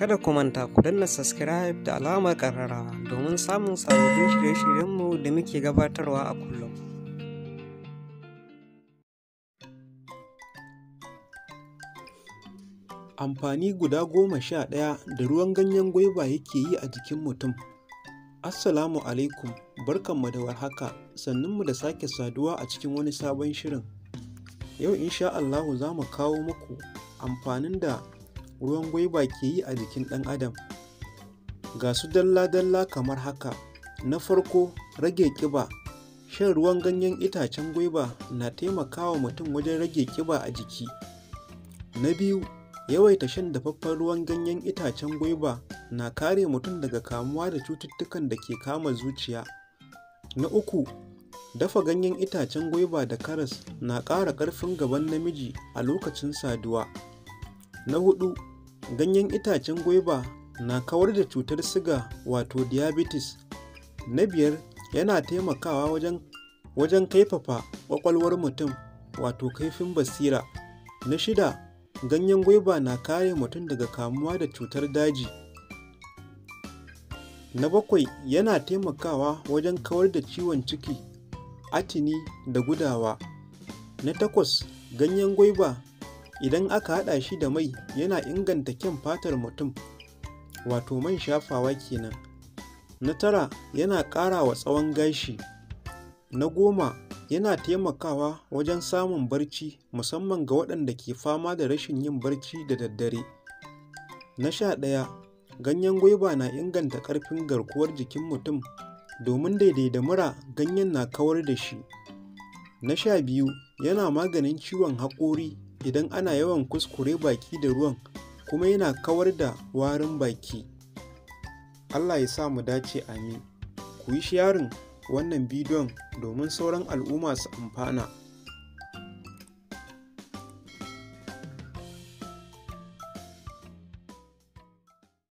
Kada ku manta ku danna subscribe da alamar ƙararrawa domin samun sababbin shirye-shiryenmu da muke gabatarwa a kullum. Amfani guda goma sha ɗaya da ruwan ganyen gwaiba yake yi a jikin mutum. Assalamu alaikum, barkanmu da warhaka, sannunmu da sake saduwa a cikin wani sabon shirin. Yau insha Allahu za mu kawo muku amfanin da ruwan gwaiba ke yi a jikin ɗan adam ga su dalla-dalla kamar haka na farko rage ƙiba shan ruwan ganyen itacen gwaiba na taimakawa mutum wajen rage ƙiba a jiki na biyu yawaita shan dafaffen ruwan ganyen itacen gwaiba na kare mutum daga kamuwa da cututtukan da ke kama zuciya na uku dafa ganyen itacen gwaiba da karas na ƙara ƙarfin gaban namiji a lokacin saduwa na hudu ganyen itacen gwaiba na kawar da cutar siga wato diabetes. Na biyar yana taimakawa wajen wajen kaifafa ƙwaƙwalwar mutum wato kaifin basira. Na shida ganyen gwaiba na kare mutum daga kamuwa da cutar daji. Na bakwai yana taimakawa wajen kawar da ciwon ciki, atini da gudawa. Na takwas ganyen gwaiba Idan aka haɗa shi da mai yana inganta kyan fatar mutum, wato man shafawa kenan. Na tara yana ƙara wa tsawon gashi. Na goma yana taimakawa wajen samun barci musamman ga waɗanda ke fama da rashin yin barci da daddare. Na sha ɗaya ganyen gwaiba na inganta ƙarfin garkuwar jikin mutum domin daidaita mura ganyen na kawar da shi. Na sha biyu yana maganin ciwon haƙori idan ana yawan kuskure baki da ruwan kuma yana kawar da warin baki. Allah ya sa mu dace amin. Ku yi sharing wannan bidiyon domin sauran al'umma su amfana.